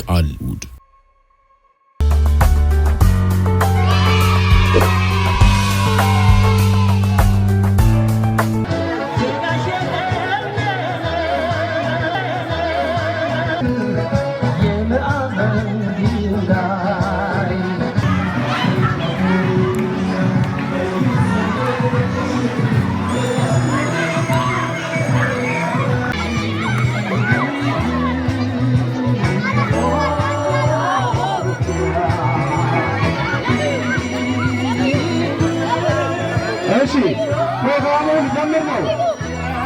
ቃልውድ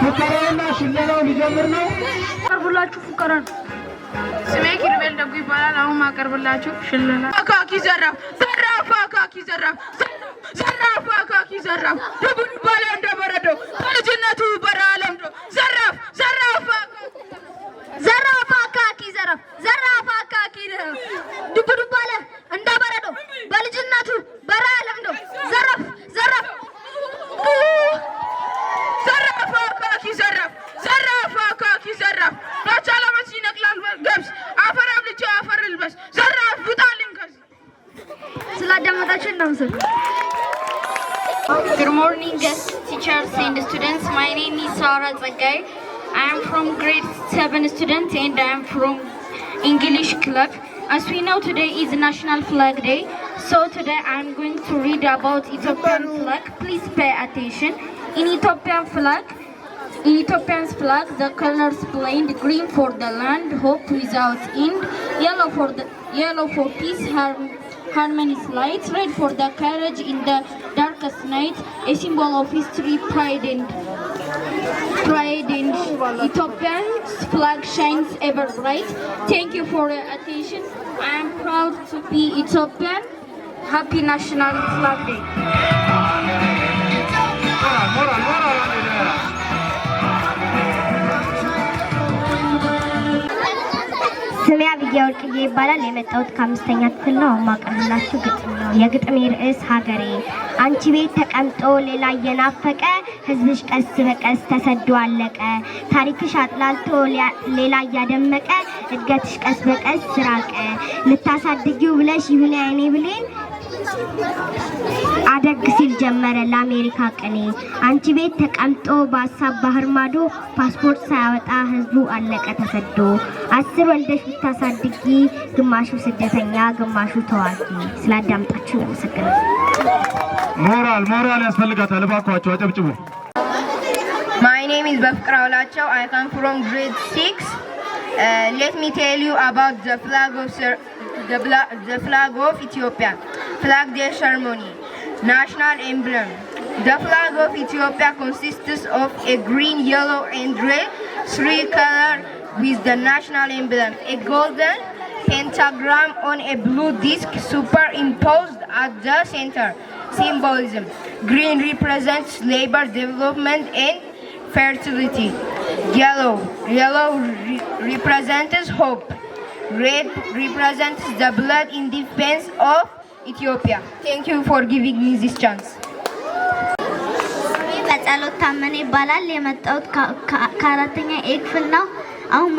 ፉከራውና ሽለላው ሊጀምር ነው። ቀርቡላችሁ ፉከራ ነው። ስሜ ኪርቤል ደጉ ይባላል። አሁን አቀርብላችሁ ሽለላ አካኪ ዘራፍ ዘራፍ አካኪ ዘራፍ ዘራፍ አካኪ ዘራፍ ደጉን ባላ እንደበረዶ ከልጅነቱ በረሃ ለምዶ ዘራፍ ዘራፍ ዘራፍ አካኪ ዘራፍ ዘራፍ አካኪ ዘራፍ and students. My name is Sara Zagai. I am from grade 7 student and I am from English club. As we know today is National Flag Day. So today I am going to read about Ethiopian flag. Please pay attention. In Ethiopian flag, in Ethiopian's flag, the colors plain green for the land, hope without end, yellow for the yellow for peace, harm, harmony light, red for the courage in the circus a symbol of history, pride and pride in Ethiopia's flag shines ever bright. Thank you for your attention. I am proud to be Ethiopian. Happy National Flag Day. Ah, ስሜ አብያ ወርቅዬ ይባላል። የመጣሁት ከአምስተኛ ክፍል ነው። አማቀርላችሁ ግጥም ነው። የግጥሜ ርዕስ ሀገሬ። አንቺ ቤት ተቀምጦ ሌላ እየናፈቀ ህዝብሽ ቀስ በቀስ ተሰዶ አለቀ። ታሪክሽ አጥላልቶ ሌላ እያደመቀ እድገትሽ ቀስ በቀስ ራቀ። ልታሳድጊው ብለሽ ይሁን ያኔ ብሌን አደግ ሲል ጀመረ ለአሜሪካ ቅኔ አንቺ ቤት ተቀምጦ በሀሳብ ባህር ማዶ ፓስፖርት ሳያወጣ ህዝቡ አለቀ ተሰዶ። አስር ወልደሽ ብታሳድጊ ግማሹ ስደተኛ ግማሹ ተዋጊ። ስላዳምጣችሁ ያመሰግናል። ሞራል ሞራል ያስፈልጋታል። እባካችሁ አጨብጭቡ። ማይ ኔም ኢዝ በፍቅር አውላቸው አይ ካም ፍሮም ግሬድ ሲክስ ሌት ሚ ቴል ዩ አባውት ዘ ፍላግ ኦፍ ኢትዮጵያ flag of ceremony. National emblem. The flag of Ethiopia consists of a green, yellow, and red three color with the national emblem, a golden pentagram on a blue disc superimposed at the center. Symbolism. Green represents labor, development, and fertility. Yellow. Yellow re represents hope. Red represents the blood in defense of ኢትዮጵያ ቴንክ ዩ ፎር ጊቪንግ ሚ ዚስ ቻንስ። በጸሎት ታመነ ይባላል። የመጣሁት ከአራተኛ ኤ ክፍል ነው። አሁን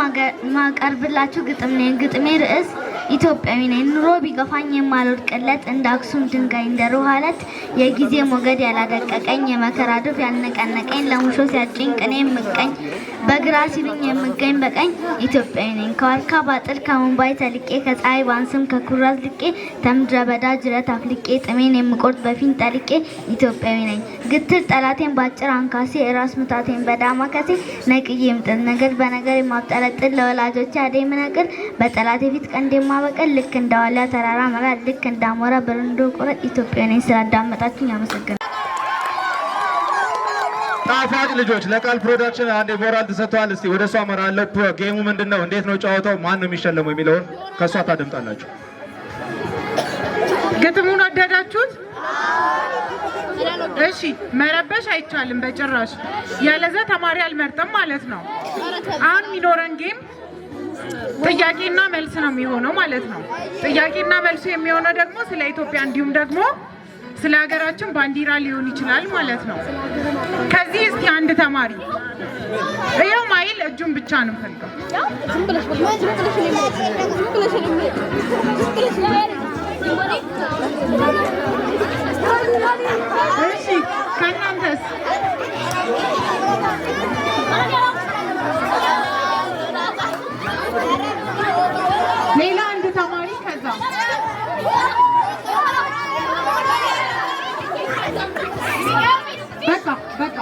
ማቀርብላችሁ ግጥም ነው። ግጥሜ ርዕስ ኢትዮጵያዊ ነኝ። ኑሮ ቢገፋኝ የማልወድቅለት እንደ አክሱም ድንጋይ እንደ ሩሃ አለት የጊዜ ሞገድ ያላደቀቀኝ የመከራ ድፍ ያልነቀነቀኝ ለሙሾ ሲያጭኝ ቅኔ የምቀኝ በግራ ሲሉኝ የምገኝ በቀኝ ኢትዮጵያዊ ነኝ። ከዋልካ ባጥር ከሙምባይ ተልቄ ከፀሐይ ባንስም ከኩራዝ ልቄ ተምድረ በዳ ጅረት አፍልቄ ጥሜን የምቆርጥ በፊን ጠልቄ ኢትዮጵያዊ ነኝ። ግትር ጠላቴን ባጭር አንካሴ እራስ ምታቴን በዳማ ከሴ ነቅዬ ምጥል ነገር በነገር የማብጠለጥል ለወላጆች አደ ምነቅል በጠላቴ ፊት ቀንዴማ በቀል ልክ እንደ ዋልያ ተራራ መራር ልክ እንደ አሞራ በረንዶ ቁረጥ ኢትዮጵያ ነኝ። ስላዳመጣችሁኝ አመሰግናለሁ። ጣፋጭ ልጆች ለቃል ፕሮዳክሽን አንድ ሞራል ተሰጥተዋል። እስቲ ወደ እሷ አመራለሁ። ጌሙ ምንድን ነው? እንዴት ነው ጨዋታው? ማን ነው የሚሸለመው የሚለውን ከእሷ ታደምጣላችሁ። ግጥሙን ወደዳችሁት? እሺ፣ መረበሽ አይቻልም በጭራሽ። ያለዛ ተማሪ አልመርጥም ማለት ነው። አሁን የሚኖረን ጌም ጥያቄና መልስ ነው የሚሆነው ማለት ነው። ጥያቄና መልሱ የሚሆነው ደግሞ ስለ ኢትዮጵያ እንዲሁም ደግሞ ስለ ሀገራችን ባንዲራ ሊሆን ይችላል ማለት ነው። ከዚህ እስኪ አንድ ተማሪ ይኸው ማይል እጁን ብቻ ነው ፈልገው ከእናንተስ ሌላ አንድ ተማሪ ከዛ በቃ በቃ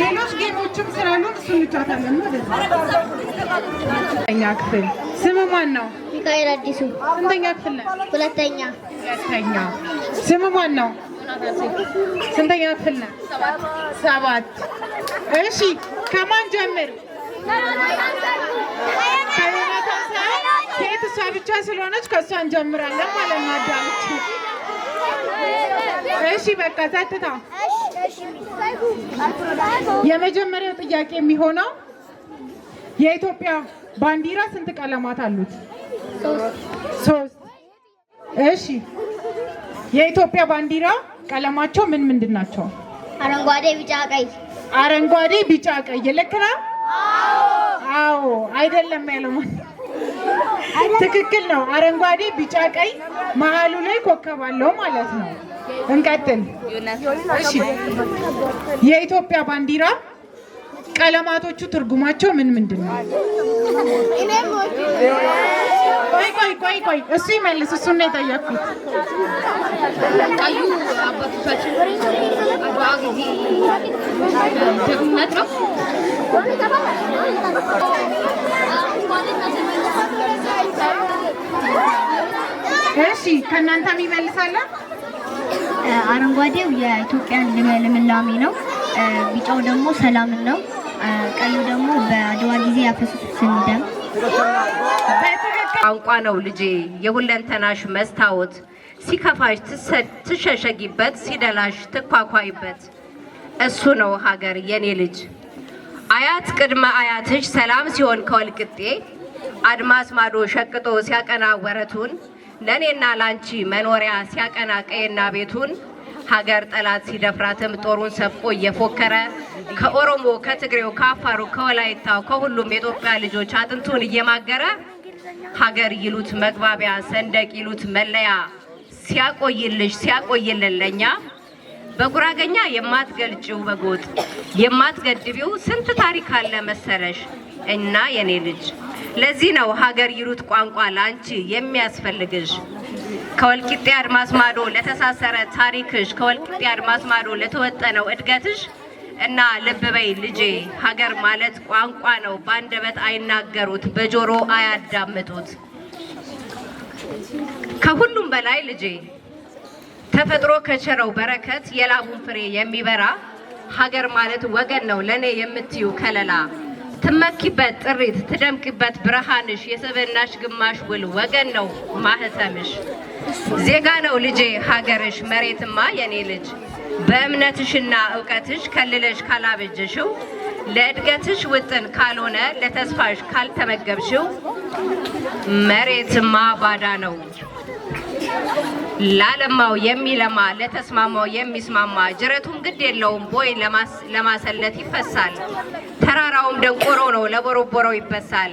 ሌሎች ጌሞችም ስላሉ እሱ እንጫወታለን። እኛ ክፍል ስም ማን ነው? ሚካኤል አዲሱ። ስንተኛ ክፍል ነህ? ሁለተኛ። ሁለተኛ። ስም ማን ነው? ስንተኛ ክፍል ነህ? ሰባት። እሺ ከማን ጀምር? ሴት እሷ ብቻ ስለሆነች ከእሷ እንጀምራለን ማለት ነው። እሺ። በቃ ጸጥታ። የመጀመሪያው ጥያቄ የሚሆነው የኢትዮጵያ ባንዲራ ስንት ቀለማት አሉት? ሶስት። እሺ። የኢትዮጵያ ባንዲራ ቀለማቸው ምን ምንድን ናቸው? አረንጓዴ፣ ቢጫ፣ ቀይ። አረንጓዴ፣ ቢጫ፣ ቀይ። ልክ ነው? አዎ። አይደለም ያለው ትክክል ነው። አረንጓዴ፣ ቢጫ፣ ቀይ መሀሉ ላይ ኮከብ አለው ማለት ነው። እንቀጥል። የኢትዮጵያ ባንዲራ ቀለማቶቹ ትርጉማቸው ምን ምንድን ነው? ቆይ ቆይ ቆይ ቆይ እሱ ይመልስ። እሱን ነው የጠየኩት። ነው። እሺ ከእናንተም ይመልሳለን። አረንጓዴው የኢትዮጵያን ልምላሜ ነው። ቢጫው ደግሞ ሰላምን ነው። ቀዩ ደግሞ በአድዋ ጊዜ ያፈሰሱትን ደም ቋንቋ ነው ልጄ የሁለንተናሽ መስታወት ሲከፋሽ ትሸሸጊበት፣ ሲደላሽ ትኳኳይበት። እሱ ነው ሀገር የኔ ልጅ አያት ቅድመ አያትሽ ሰላም ሲሆን ከወልቅጤ አድማስ ማዶ ሸቅጦ ሲያቀና ወረቱን ለእኔና ላንቺ መኖሪያ ሲያቀና ቀይና ቤቱን ሀገር ጠላት ሲደፍራትም ጦሩን ሰብቆ እየፎከረ ከኦሮሞ፣ ከትግሬው፣ ከአፋሩ፣ ከወላይታው ከሁሉም የኢትዮጵያ ልጆች አጥንቱን እየማገረ ሀገር ይሉት መግባቢያ ሰንደቅ ይሉት መለያ ሲያቆይልሽ ሲያቆይልን ለእኛ በጉራገኛ የማትገልጭው በጎጥ የማትገድቢው ስንት ታሪክ አለ መሰለሽ እና የኔ ልጅ ለዚህ ነው ሀገር ይሩት ቋንቋ ለአንቺ የሚያስፈልግሽ። ከወልቂጤ አድማስ ማዶ ለተሳሰረ ታሪክሽ፣ ከወልቂጤ አድማስ ማዶ ለተወጠነው እድገትሽ እና ልብ በይ ልጄ፣ ሀገር ማለት ቋንቋ ነው። በአንደበት አይናገሩት፣ በጆሮ አያዳምጡት። ከሁሉም በላይ ልጄ ተፈጥሮ ከቸረው በረከት የላቡን ፍሬ የሚበራ ሀገር ማለት ወገን ነው ለእኔ የምትዩ ከለላ ትመኪበት ጥሪት ትደምቅበት ብርሃንሽ የሰበናሽ ግማሽ ውል ወገን ነው ማህተምሽ ዜጋ ነው ልጄ ሀገርሽ መሬትማ የኔ ልጅ በእምነትሽና እውቀትሽ ከልለሽ ካላበጀሽው ለእድገትሽ ውጥን ካልሆነ ለተስፋሽ ካልተመገብሽው መሬትማ ባዳ ነው። ላለማው የሚለማ ለተስማማው የሚስማማ ጅረቱም ግድ የለውም ቦይ ለማሰለት ይፈሳል። ተራራውም ደንቆሮ ነው ለቦረቦረው ይበሳል።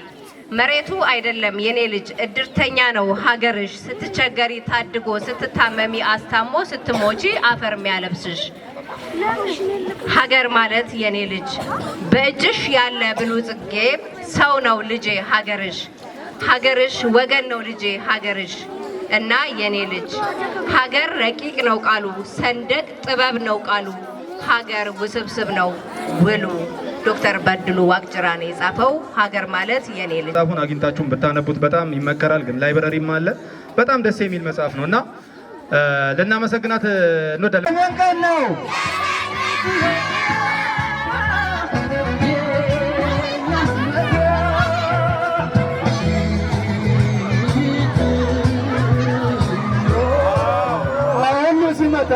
መሬቱ አይደለም የኔ ልጅ እድርተኛ ነው ሀገርሽ። ስትቸገሪ ታድጎ ስትታመሚ አስታሞ ስትሞቺ አፈር ሚያለብስሽ ሀገር ማለት የኔ ልጅ። በእጅሽ ያለ ብሉ ጽጌ ሰው ነው ልጄ ሀገርሽ። ሀገርሽ ወገን ነው ልጄ ሀገርሽ እና የኔ ልጅ ሀገር ረቂቅ ነው ቃሉ፣ ሰንደቅ ጥበብ ነው ቃሉ፣ ሀገር ውስብስብ ነው ውሉ። ዶክተር በድሉ ዋቅጅራ ነው የጻፈው። ሀገር ማለት የኔ ልጅ። መጽሐፉን አግኝታችሁን ብታነቡት በጣም ይመከራል። ግን ላይብረሪም አለ። በጣም ደስ የሚል መጽሐፍ ነው እና ልናመሰግናት እንወዳለን።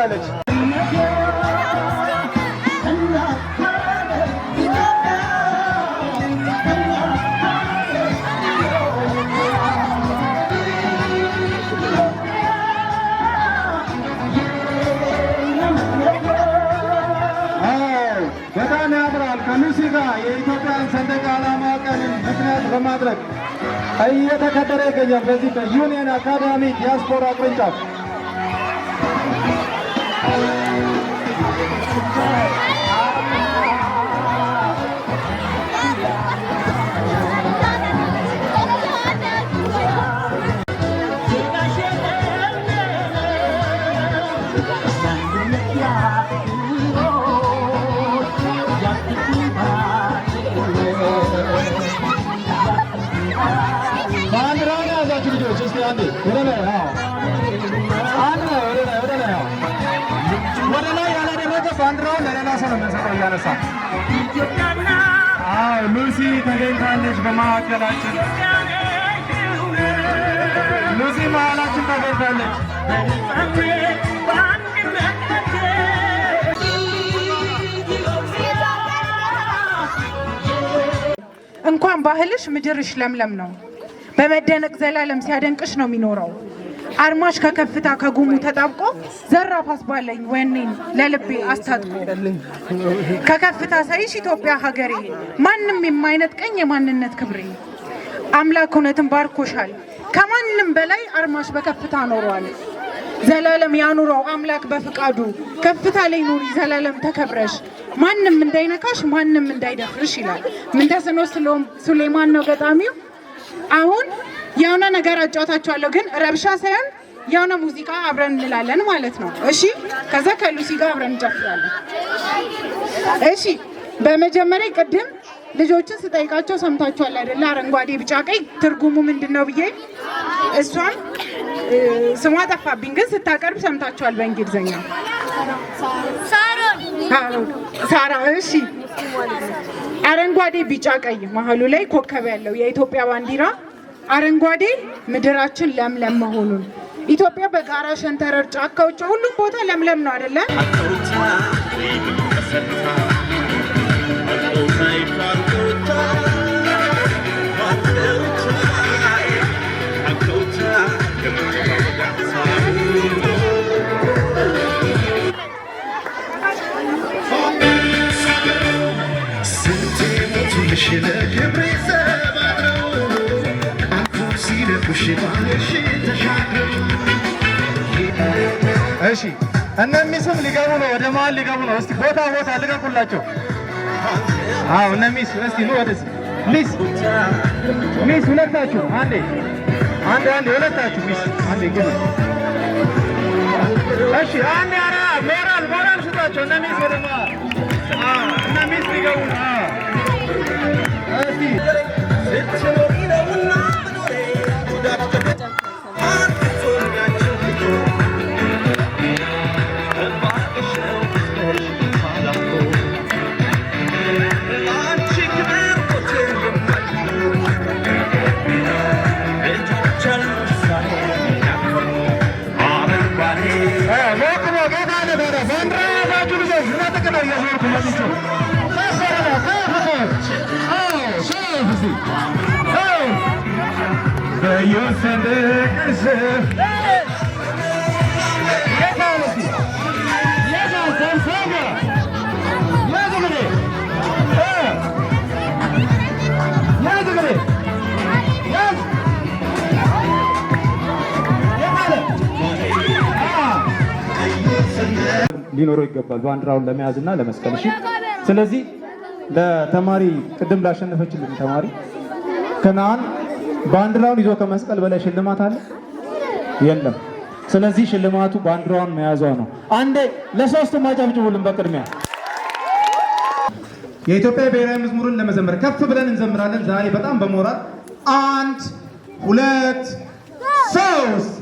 ትላለች። በጣም የኢትዮጵያን ሰንደቅ ዓላማ ምክንያት በማድረግ እየተከበረ ይገኛል። በዚህ በዩኒየን አካዳሚ ዲያስፖራ ቅርንጫፍ Ben de ya, እናንሳ። አዎ ሉሲ ተገኝታለች በማዕከላችን። ሉሲ መሀላችን ተገኝታለች። እንኳን ባህልሽ ምድርሽ ለምለም ነው። በመደነቅ ዘላለም ሲያደንቅሽ ነው የሚኖረው። አድማሽ ከከፍታ ከጉሙ ተጣብቆ ዘራፍ አስባለኝ ወኔን ለልቤ አስታጥቆ ከከፍታ ሳይሽ ኢትዮጵያ ሀገሬ ማንም የማይነጥቀኝ የማንነት ክብሬ አምላክ እውነትን ባርኮሻል ከማንም በላይ አድማሽ በከፍታ ኖሯል። ዘላለም ያኑረው አምላክ በፍቃዱ ከፍታ ላይ ኑሪ ዘላለም ተከብረሽ ማንም እንዳይነካሽ ማንም እንዳይደፍርሽ ይላል። ምንተስኖ ሱሌማን ነው ገጣሚው አሁን የሆነ ነገር አጫውታችኋለሁ፣ ግን ረብሻ ሳይሆን የሆነ ሙዚቃ አብረን እንላለን ማለት ነው። እሺ፣ ከዛ ከሉሲ ጋር አብረን እንጨፍራለን። እሺ፣ በመጀመሪያ ቅድም ልጆችን ስጠይቃቸው ሰምታችኋል አይደለ? አረንጓዴ ቢጫ ቀይ ትርጉሙ ምንድን ነው ብዬ እሷን ስሟ ጠፋብኝ፣ ግን ስታቀርብ ሰምታችኋል በእንግሊዝኛ ሳራ። እሺ አረንጓዴ ቢጫ ቀይ መሀሉ ላይ ኮከብ ያለው የኢትዮጵያ ባንዲራ አረንጓዴ ምድራችን ለምለም መሆኑን ኢትዮጵያ በጋራ ሸንተረር ጫካዎች፣ ሁሉም ቦታ ለምለም ነው አይደለም። እሺ እነሚስም ሊገቡ ነው። ወደ መሀል ሊገቡ ነው። እስቲ ቦታ ቦታ ልቀቁላቸው። አዎ እነሚስ እስቲ ነው ወደስ ሚስ ሚስ ሁለታችሁ አንዴ አንዴ አንዴ ሁለታችሁ ሚስ አንዴ ግን እሺ አንዴ አራ ሞራል ሞራል ስጣቸው። እነሚስ ወደ መሀል እነሚስ ሊገቡ ነው። እስቲ Dlatego ja żarty ሊኖረው ይገባል ባንዲራውን ለመያዝ እና ለመስቀል። እሺ። ስለዚህ ለተማሪ ቅድም ላሸነፈችልን ተማሪ ከነአን ባንዲራውን ይዞ ከመስቀል በላይ ሽልማት አለ የለም። ስለዚህ ሽልማቱ ባንዲራውን መያዟ ነው። አንዴ ለሶስቱም አጨብጭቡልን በቅድሚያ የኢትዮጵያ ብሔራዊ መዝሙርን ለመዘመር ከፍ ብለን እንዘምራለን። ዛሬ በጣም በሞራል አንድ ሁለት ሶስት